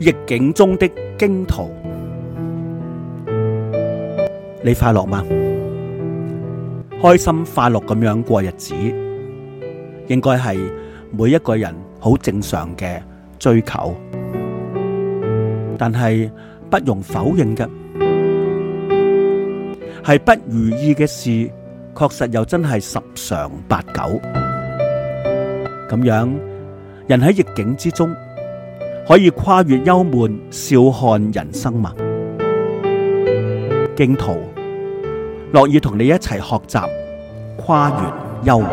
逆境中的荊徒，你快樂嗎？開心快樂咁樣過日子，應該係每一個人好正常嘅追求。但係不容否認嘅，係不如意嘅事，確實又真係十常八九。咁樣，人喺逆境之中。可以跨越憂悶，笑看人生物。荊徒樂意同你一齊學習跨越憂悶，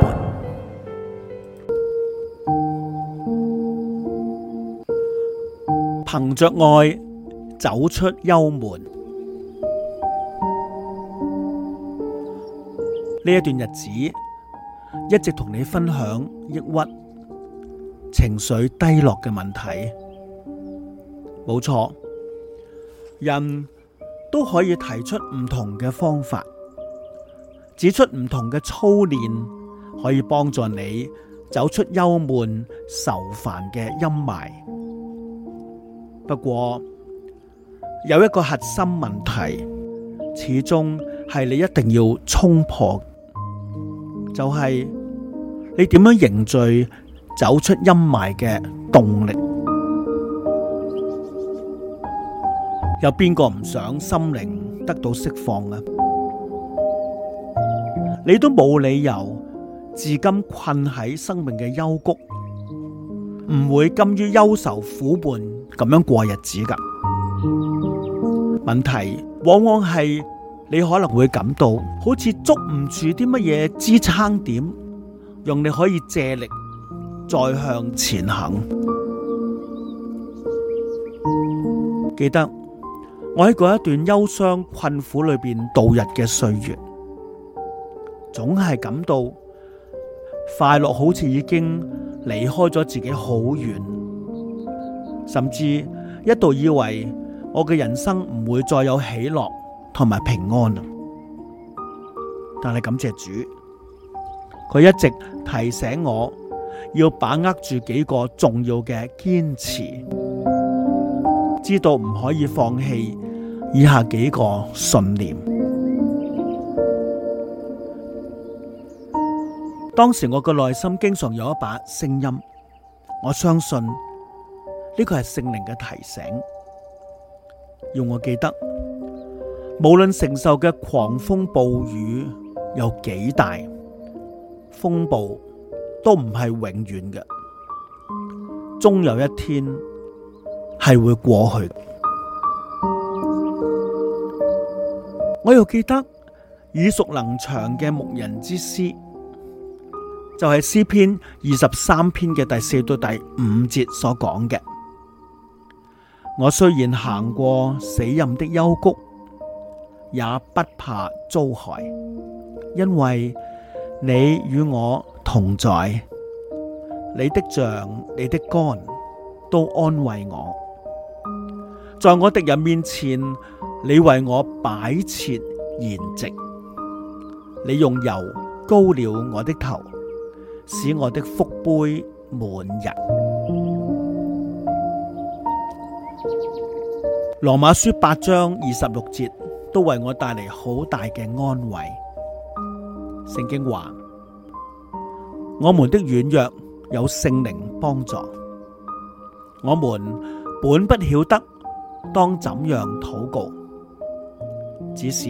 憑着愛走出憂悶。呢一段日子一直同你分享抑鬱、情緒低落嘅問題。冇錯，人都可以提出唔同嘅方法，指出唔同嘅操練可以幫助你走出憂悶愁煩嘅陰霾。不過有一個核心問題，始終係你一定要衝破，就係、是、你點樣凝聚走出陰霾嘅動力。有邊個唔想心靈得到釋放啊？你都冇理由自甘困喺生命嘅幽谷，唔會甘於憂愁苦悶咁樣過日子噶。問題往往係你可能會感到好似捉唔住啲乜嘢支撐點，讓你可以借力再向前行。記得。我喺嗰一段憂傷、困苦裏邊度日嘅歲月，總係感到快樂好似已經離開咗自己好遠，甚至一度以為我嘅人生唔會再有喜樂同埋平安。但係感謝主，佢一直提醒我要把握住幾個重要嘅堅持，知道唔可以放棄。以下幾個信念。當時我嘅內心經常有一把聲音，我相信呢個係聖靈嘅提醒，要我記得，無論承受嘅狂風暴雨有幾大，風暴都唔係永遠嘅，終有一天係會過去。我又記得耳熟能詳嘅牧人之詩，就係、是、詩篇二十三篇嘅第四到第五節所講嘅。我雖然行過死蔭的幽谷，也不怕遭害，因為你與我同在，你的杖、你的竿都安慰我，在我敵人面前。你為我擺設筵席，你用油膏了我的頭，使我的福杯滿溢。羅馬書八章二十六節都為我帶來好大嘅安慰。聖經話：我們的軟弱有聖靈幫助，我們本不曉得當怎樣禱告。只是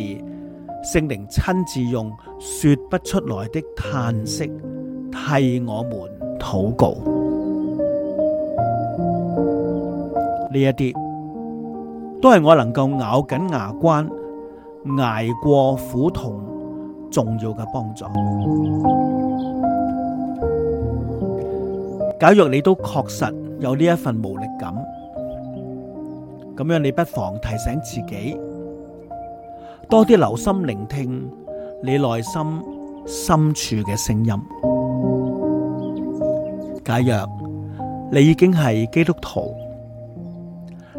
聖靈親自用說不出來的嘆息替我們禱告，呢一啲都係我能夠咬緊牙關挨過苦痛重要嘅幫助。假若你都確實有呢一份無力感，咁樣你不妨提醒自己。多啲留心聆聽你內心深處嘅聲音。假若你已經係基督徒，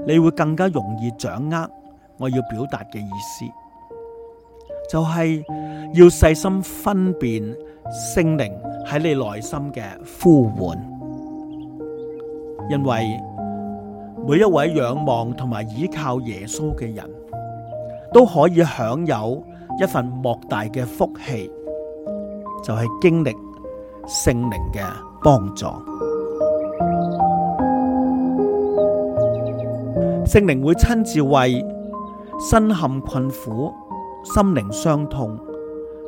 你會更加容易掌握我要表達嘅意思，就係、是、要細心分辨聖靈喺你內心嘅呼喚，因為每一位仰望同埋倚靠耶穌嘅人。都可以享有一份莫大嘅福氣，就係經歷聖靈嘅幫助。聖靈會親自為身陷困苦、心靈傷痛、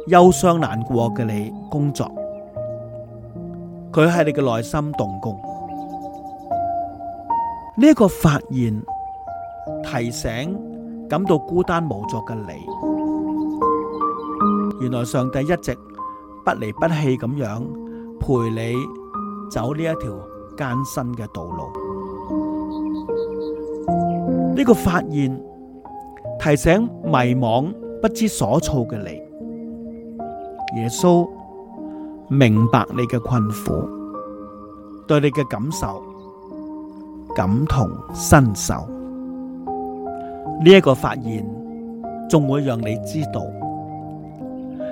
憂傷難過嘅你工作，佢喺你嘅內心動工。呢一個發現提醒。感到孤單無助嘅你，原來上帝一直不離不棄咁樣陪你走呢一條艱辛嘅道路。呢個發現提醒迷惘不知所措嘅你，耶穌明白你嘅困苦，對你嘅感受感同身受。呢一個發現，仲會讓你知道，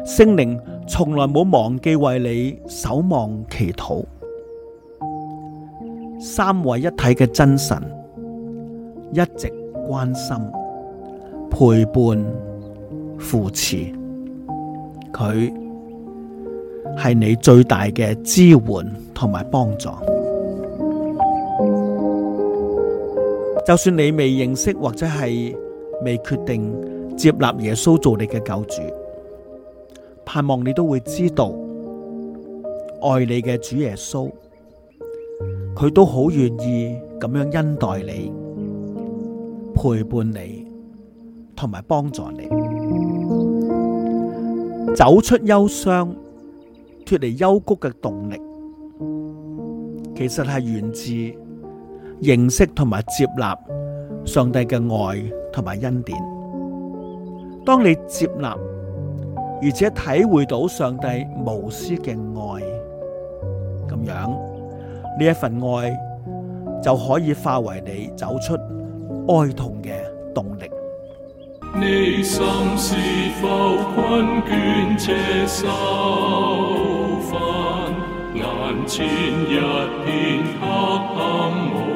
聖靈從來冇忘記為你守望祈禱，三位一體嘅真神一直關心、陪伴、扶持，佢係你最大嘅支援同埋幫助。就算你未認識或者係未決定接納耶穌做你嘅救主，盼望你都會知道愛你嘅主耶穌，佢都好願意咁樣恩待你、陪伴你同埋幫助你，走出憂傷、脫離幽谷嘅動力，其實係源自認識同埋接納上帝嘅愛同埋恩典。當你接納，而且體會到上帝無私嘅愛，咁樣呢一份愛就可以化為你走出哀痛嘅動力。你心是否困倦，且收返眼前一片黑暗。